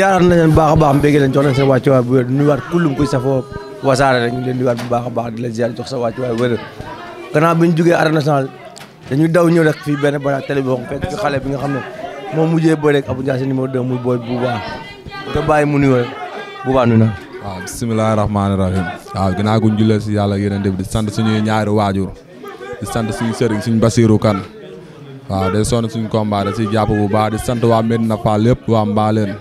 ziaraat nañ leen baax a baax mbégee leen jox leen seen wàccuwaay bu wér di nuyuwaat kullum kuy safoo a baax bi ñu jugee arène nationale dañuy daw ñëw rek fii benn bara télé bi fekk fi xale bi nga xam ne moo mujjee bëre ak Abou Ndiassé numéro 2 muy booy Bouba nga bàyyi mu nuyoo rek Bouba nuyu naa waaw bisimilah rahmaani rahim waaw ginnaaw guñ jullee si yàlla yeneen def di sant suñuy ñaari waajur di sant suñu sëriñ suñu Basiru Kan waaw day sonn suñu ñu da si jàpp bu baax di sant waa Medina Fall lépp waa Mbaaleen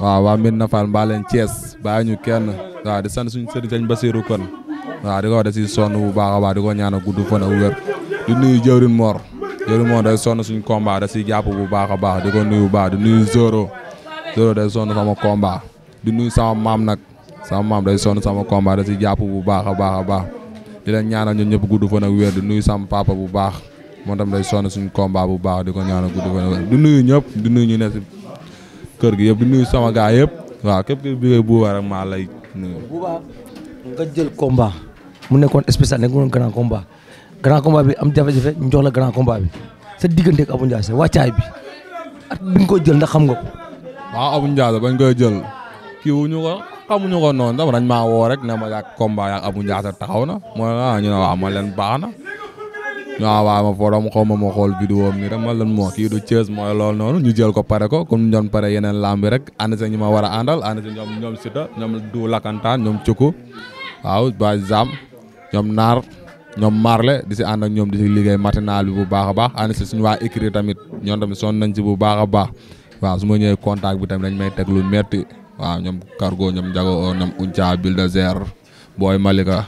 waaw waa Medina Fall Mbaleen Thiès bàyyi ñu kenn waaw di sant suñu sëriñ sëñ Basiru kon di ko wax da si sonn bu baax a di ko ñaan a gudd fan ak wér di nuyu jëwrin Mor jëwrin Mor day sonn suñu combat si jàpp bu baax a baax di ko nuyu bu baax di nuyu Zoro Zoro day sonn sama combat di nuyu sama maam nag sama maam day sonn sama combat da si jàpp bu baax a baax a baax di leen ñaanal ñun ñëpp gudd fan ak wér di nuyu sama papa bu baax moom tam day sonn suñu combat bu baax di ko ñaanal gudd kër gi yëpp di nuyu sama yëpp waaw képp ki bi buuba rek maa lay buuba nga jël combat mu nekkoon spécial nekk mu nekkoon grand combat grand combat bi am jafe-jafe ñu jox la grand combat bi sa diggante ak Abou Ndiassé wàccaay bi at bi jël ndax xam nga ko. waaw Abou Ndiassé bañ koy jël kii wu ñu ko xamuñu ko noonu dama dañ maa woo rek ne ma yàgg combat yàgg Abou Ndiassé taxaw na mooy ah ñu ne waaw ma baax na. waaw waaw ma forom xaw ma ma xool vidéo am ni ma lan moo kii du Thiès mooy loolu noonu ñu jël ko pare ko comme ñu doon pare yeneen lamb bi rek ànd sa ñi ma war a àndal ànd sa ñoom ñoom Sita ñoom du Lakantaan ñoom Cuku waaw ba Zam ñoom Naar ñoom Marle di si ànd ak ñoom di si liggéey matinal bi bu baax a baax ànd si suñu waa écrit tamit ñoom tamit soon nañ si bu baax a baax waaw su ma ñëwee contact bi tamit dañ may teg lu metti waaw ñoom Cargo ñoom Jago ñoom Unca Bulldozer Boy Malika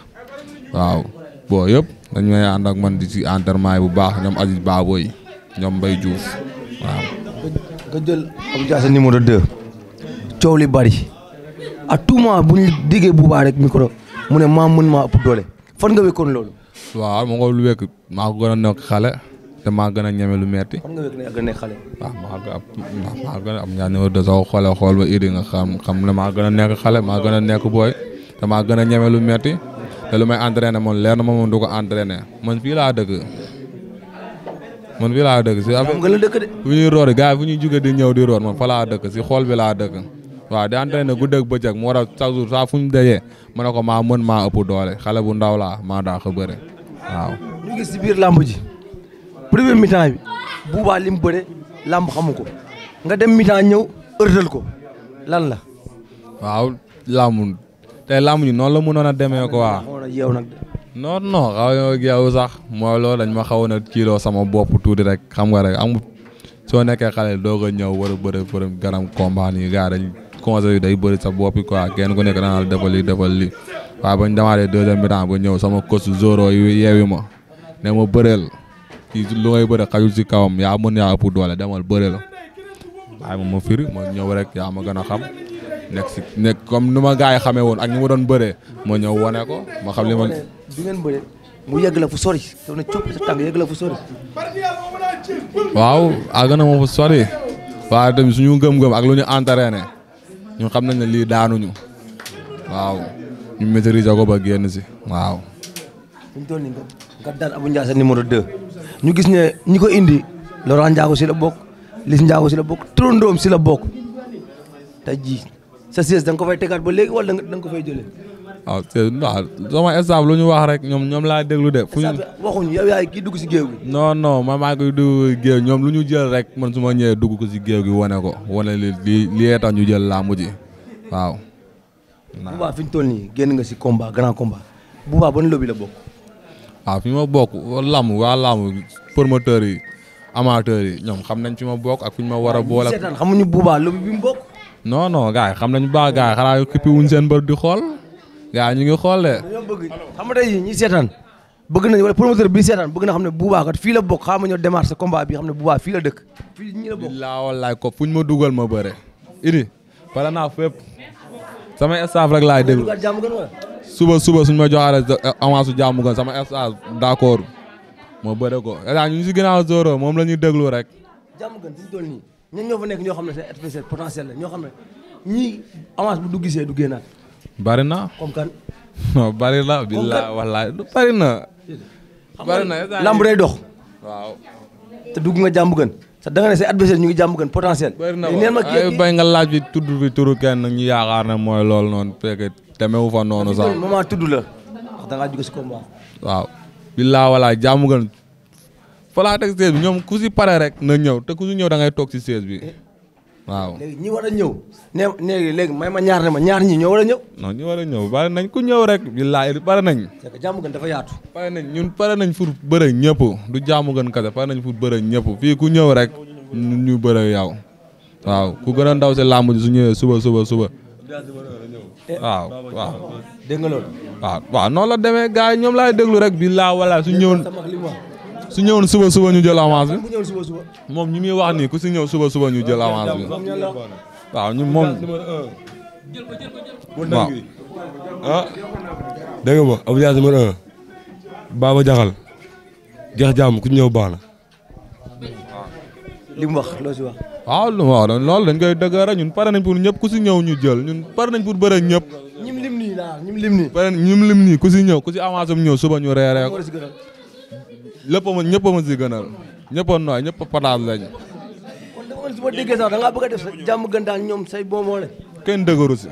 waaw. boo yëpp dañ may ànd ak man di ci entraînement yi bu baax ñoom Aziz Baabo yi ñoom Mbaye Diouf waaw. nga jël Abou Diassé numéro 2 coow li bari à tout moment bu ñu déggee Bouba rek micro mu ne maa mën maa ëpp doole fan nga wékkoon loolu. waaw ma nga lu wékk maa gën a nekk lu metti. fan nga a nekk a maa gën a nekk xale maa gën a nekk booy te maa gën a ñeme lu metti. te lu may entraîné man leer na ma moom du ko entraîné man fii laa dëkk man fii laa dëkk si affaire nga la dëkk de. fu ñuy roor gars yi fu ñuy jóge di ñëw di roor man fa laa dëkk si xool bi laa dëkk waaw di entraîné guddi ak bëccëg mu war a chaque jour saa fu ñu dajee ma ne ko maa mën maa ëpp doole xale bu ndaw laa maa daa ko bëre waaw. ñu gis si biir ji premier mi-temps bi buubaa li bëre làmb xamu ko nga dem mi ñëw ërtal ko lan la. waaw làmb tey làmb ñu noonu la mënoon a demee quoi. non non xaw ma yow sax mooy loolu dañ ma xawoon a kiiloo sama bopp tuuti rek xam nga rek amut soo nekkee xale doog a ñëw war a bëri bëri ganam combat yi gars dañ conseil yi day bëri sa bopp quoi kenn ko nekk daan defal lii defal li waaye bañ demaatee deuxième mi-temps ba ñëw sama coach zoro yi yeewi ma ne ma bëreel kii lu ngay bëri xajul si kawam yaa mën yaa ëpp doole demal bëri la waaye ma ma firi ma ñëw rek yaa ma gën a xam nekk si nekk comme nu ma gars yi xamee woon ak ni ma doon bëree ma ñëw wane ko ma xam li ma. bi ngeen bëree mu yegg la fu sori daf na copp sa tànk yegg la fu sori. waaw àgg na ma fu sori. waaw tamit suñu gëm-gëm ak lu ñu entraîné ñu xam nañ ne lii daanuñu waaw ñu maîtriser ko ba génn si waaw. ñu toll nii nga daan Abou Ndiassé ñu gis ne ñi ko indi Laurent si la bokk Liss Ndiago si la bokk Trondoom si la bokk tey jii sa siège da nga ko fay tegaat ba léegi wala da nga ko fay jëlee. waaw ah, ah, sama staff lu ñu wax rek ñoom ñoom laa déglu de. fu ñu waxuñu yow yaay kii dugg si géew gi. non non ma maa koy dugg ñoom lu ñu jël rek man su ma ñëwee dugg ko si géew gi wane ko wane li li li tax ñu jël làmb ji waaw. Bouba fi ñu toll nii génn nga si combat grand combat Bouba ban lobby la bokk. waaw ah, fi ma bokk làmb waa làmb promoteurs yi amateurs yi ñoom xam nañ fi ma bokk ak fi ñu ma war a boole. seetaan xamuñu Bouba lobby bi mu bokk. non non gars xam nañu baax gars yi xanaa yu këppi wuñ seen bër di xool gars ñu ngi xool de. dañoo bëgg xam nga seetaan bëgg nañu wala promoteur bi seetaan bëgg na xam ne Bouba kat fii la bokk xaaral ma ñëw démarrer sa combat bi xam ne Bouba fii la dëkk. fii ñi la bokk billaa wallaay ko fuñ ma dugal ma bëre. idi pare naa fépp sama staff rek laay déglu suba suba suñ ma joxaale avance su jàmm gan sama staff d'accord ma bëre ko ñu si ginnaaw Zoro moom la ñuy déglu rek. jàmm ñun ñoo fa nekk ñoo xam ne c'est adversaire potentiel la ñoo xam ne ñii avance bu du gisee du génnaat. bari na comme kan. non bari na. billaa wallaahi du bari na. bari na lamb day dox. waaw. te dugg nga jàmbu gën. sax da nga ne say adversaire ñu ngi jàmm gën potentiel. bëri na waaw bay nga laaj bi tudd bi turu kenn ñu yaakaar ne mooy loolu noonu fekk demewu fa noonu sax. moment tudd la. wax da ngaa jóge si combat. waaw. billaa wala jàmm fa laa teg siège bi ñoom ku si pare rek na ñëw te ku si ñëw da ngay toog si siège bi waaw. léegi ñi war a ñëw nee léegi may ma ñaar ma ñaar ñi ñoo war a ñëw. non ñi war a ñëw bari nañ ku ñëw rek. billaahi pare nañ. c'est dafa yaatu. pare nañ ñun pare nañ pour bëre ñëpp du jàmm gën kese nañ pour bëre ñëpp fii ku ñëw rek ñu bëre yow waaw ku gën a ndaw si làmb ji su ñëwee suba suba suba. waaw waaw. dégg nga loolu. waaw waaw noonu la demee gars ñoom laay déglu rek billaahi wala su ñëw. su ñëwoon suba suba ñu jël avance bi moom ñi muy wax nii ku si ñëw suba suba ñu jël avance bi waaw ñu moom. waaw. ah. dégg nga ma Abou Diass numéro Baba Jaxal. jeex jàmm ku ñëw baax na. Ah. li mu wax loo si wax. waaw ah, lu dañ koy dëgg rek ñun pare nañ pour ñëpp ku si ñëw ñu jël ñun pare nañ pour bëre ñëpp. ñim lim nii daal ñim lim nii. pare ñim ku si ñëw ku si avance am ñëw suba ñu reeree lépp a ñëpp a ma si gënal ñëpp a nooy ñëpp a pataas lañ. kon dama su ma bëgg a def jàmm gën daal ñoom say bonbon lañ. kenn dëgëru si.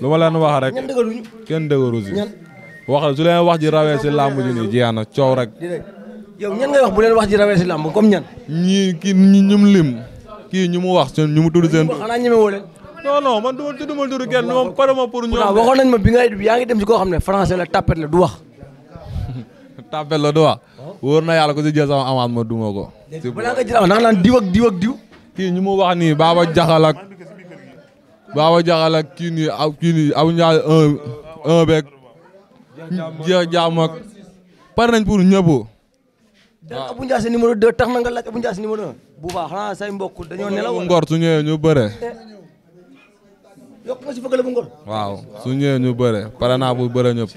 lu ma leen wax rek. ñan dëgëru ñu. kenn dëgëru si. wax su leen wax ji rawee si làmb ji nii jeex na coow rek. yow ñan ngay wax bu leen wax ji rawee si làmb comme ñan. ñii kii ñu mu lim. kii ñu mu wax ñu mu tudd seen. xanaa ñeme woo leen. non non man du ma tudd ma tudd kenn moom pare ma pour. ñoom waxoon ma bi yaa ngi dem si koo xam ne français la tapet la du wax tàppel la du wax wóor na yàlla ko si jël sama avance ma duma ko. balaa nga jël avance naan diw ak diw diw. kii ñu mu wax nii Baba Jaxal ak Baba Jaxal ak kii nii ak kii nii abu ñaar un un beeg. jeex jaam ak par nañ pour ñëpp. waaw Abou Ndiassé tax na nga laaj Abou Ndiassé numéro 1. bu baax xanaa say mbokk dañoo nelaw ngor su ñëwee ñu bëre. Eh, yokk nga naa bu bëre ñëpp.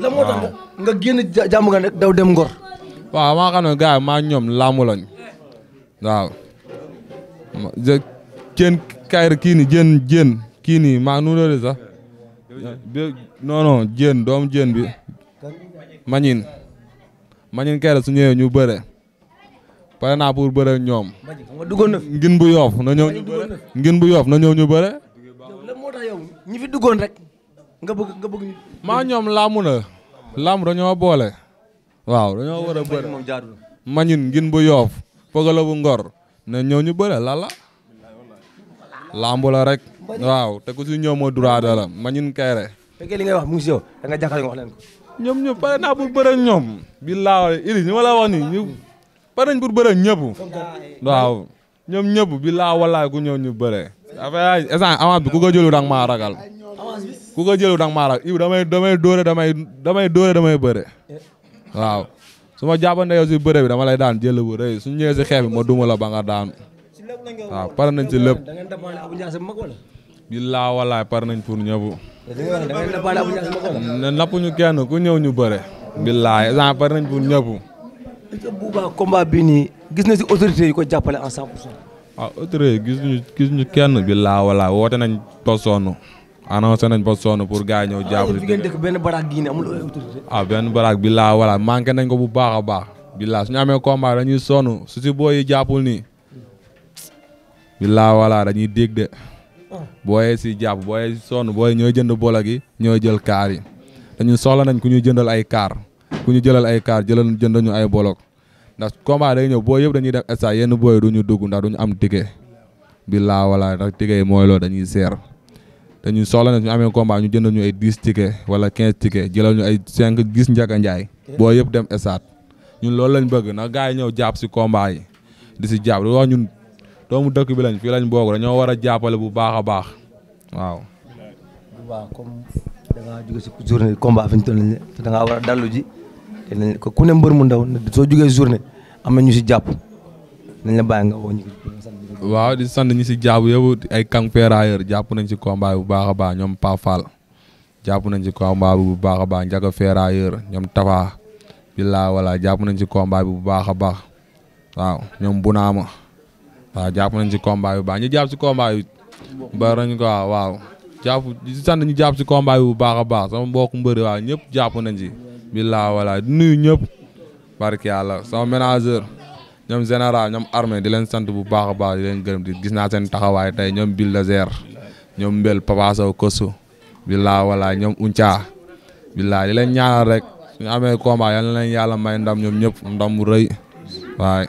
la moo tax nga génn jàmm gan rek daw dem ngor. waaw maa xam ne maa ñoom laamu waaw. jën kayri kii ni jën jën maa nuuloole sax non non jën doomu bi mañin mañin kayri su ñëwee ñu bëre pare naa pour bëre ñoom ngin bu yoof na ñëw ñu bëre nga bëgg ñoom laamu la. laamu dañoo boole. waaw dañoo war a bëri moom jaarul. mañin ngin bu yoof bu ngor ne ñëw ñu bëre la la. rek. waaw te ku si ñëw moo droit dara mañin kayre. fekkee li ngay wax mu ngi si yow da nga leen ko. ñoom ñu pare naa pour ñoom. billaahi ili ñu ma la wax nii ñu pare nañ pour ñoom ñëpp billaahi wallaahi ku ñëw ñu bëre. affaire yi instant bi ku ko jëlu da nga ragal. ku ko jëlu nag maa la Ibou damay damay dóore damay bëre waaw su ma jàppante si bëre bi dama lay daan jël bu rëy su ñëwee si xeex bi ma duma la daan waaw pare nañ si lépp. billaa walaay pare nañ pour ñëpp. ne nappuñu kenn ku ñëw ñu bëre. billaay exemple pare nañ pour ñëpp. est-ce bi nii gis na si autorité yi ko jàppale en 100 pour cent. Ah, gis ñu gis billaa walaay woote nañ ko annoncé nañ ba sonn pour gaa ñëw jàppale. Ah, benn baraag gii ne amul autorité. Ah, benn baraag bi laa wala manqué nañ ko bu baax a baax. billaa su ñu amee combat dañuy sonn su si booy yi nii. billaa wala dañuy dégg de. booy si jàpp booy sonn booy ñooy jënd bola gi ñooy jël kaar yi. dañu soxla nañ ku ñuy jëndal ay kaar. ku ñu jëlal ay kaar jëlal jënd ñu ay bolok. ndax combat day ñëw booy yëpp dañuy def instant yenn booy duñu dugg ndax duñu am tige. billaa wala ndax tige yi mooy dañuy seer. te ñun soxla na ñu amee combat ñu jëndal ñu ay dix tickets wala quinze tickets jëlal ñu ay cinq dix Ndiaga Ndiaye. boo yëpp dem stade ñu loolu lañ bëgg na gars yi ñëw jàpp si combat yi di si jàpp di wax ñun doomu dëkk bi lañ fii lañ boog dañoo war a jàppale bu baax a baax waaw. waaw comme da ngaa jóge si journée combat fi ñu toll nii da ngaa war a dallu ku ne mbër mu ndaw soo jógee journée am na ñu si jàpp. nañ la bàyyi nga woo waaw di sant si jaabu yëpp ay kang ferrailleur jàpp nañ si combat bu baax a baax ñoom Pa Fall jàpp nañ si combat bu baax a baax Njaga ferrailleur ñoom Tafa billaa wala jàpp nañ si combat bu baax a baax waaw ñoom Bunaama waaw jàpp nañ si combat bu baax ñu jàpp si combat bi nañ ko waaw jàpp di jàpp si combat bu baax a baax sama mbok mbëri waaw ñëpp jàpp nañ si billaa wala nuyu ñëpp barke yàlla sama ménageur ñoom général ñoom armée di leen sant bu baax a baax di leen gërëm di gis naa seen taxawaay tey ñoom Bulldozer ñoom Mbel Papa Sow Kosu billaa wala ñoom Unca billaa di leen ñaanal rek suñu amee combat yal na leen yàlla may ndam ñoom ñëpp ndam bu rëy waaye.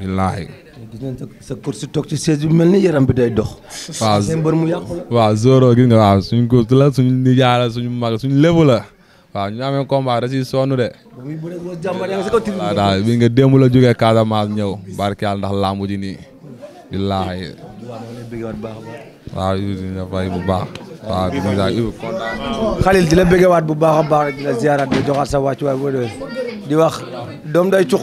billaahi gis nañ sa sa kur si toog ci siège bi mel ni yaram bi day dox. la. waaw nga waaw suñ ko la suñu nijaay mag suñu lébu waaw ñu amee combat da ciy sonn de. waaw daal bi nga démb la jógee Casamance ñëw barke yàlla ndax làmb ji nii. billaahi. waaw Ibi dina fay bu baax. waaw di la Ibi kontaan. Khalil di la bu baax a baax di la ziaraat di sa wàccuwaay bu di wax doom day cuq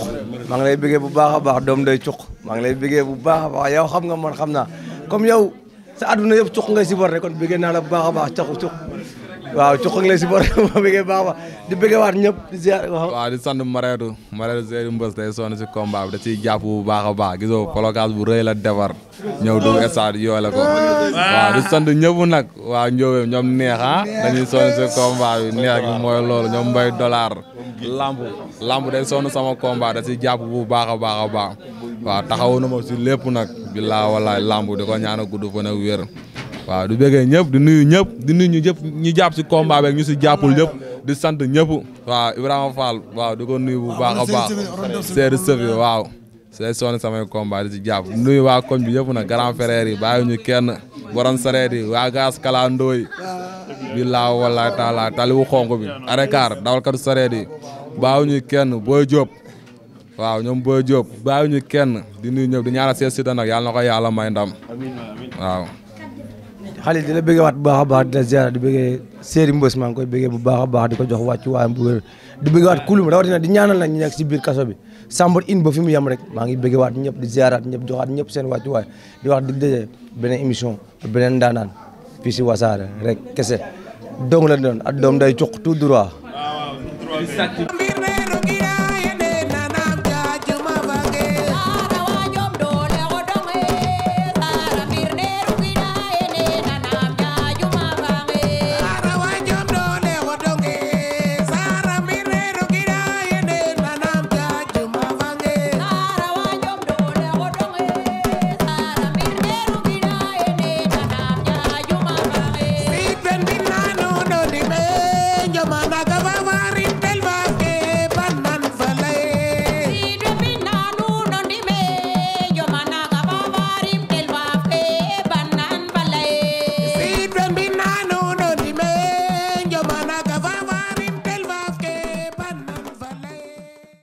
maa ngi lay bëggee bu baax a baax doom day cuq maa ngi lay bëggee bu baax a baax yow xam nga man xam naa comme yow sa àdduna yëpp cuq nga si bor rek kon bëggee naa la bu baax a baax caxu cuq waa ci xog la ma bëggee baax ma di bëggee waat ñëpp di ziar waaw di sant Mareetu si combat da ciy jàpp bu baax a baax gisoo polocage bu rëy la defar ñëw dugg ko ah. waaw di nag waaw njóobee ñoom neex ah dañuy sonn si combat bi neex gi mooy lamb lamb day sonn sama combat da ciy jàpp bu baax a baax a baax waaw na ma si lépp nag billaa wallaay lamb di ñaan gudd fan ak waaw du bëggee ñëpp di nuyu ñëpp di nuyu ñu jàpp si combat beeg si jàppul ñëpp di sant ñëpp waaw waaw di ko nuyu bu baax a baax waaw say samay combat di si nuyu waa koñ bi yëpp nag grand ñu kenn borom sareet yi waa gaas kalandoo yi billaa wala taala yi bàyyi ñu kenn booy Diop waaw ñoom booy Diop bàyyi ñu kenn di nuyu ñëpp di ñaanal sees si nag yàlla na ko yàlla may ndam waaw xale di la bëggee waat baax a baax di la ziar di bëggee séeri mbës maa ngi koy bëggee bu baax a baax di ko jox wàccu waayam bu wér di bëggee waat kulum rawatina di ñaanal na ñu nekk si biir kaso bi sambar in ba fi mu rek maa ngi bëggee waat ñëpp di ziaraat ñëpp joxaat ñëpp seen wàccu waay di wax dig daje beneen émission beneen daanaan si wasaare rek kese dong la doon ak doom day cuq tout droit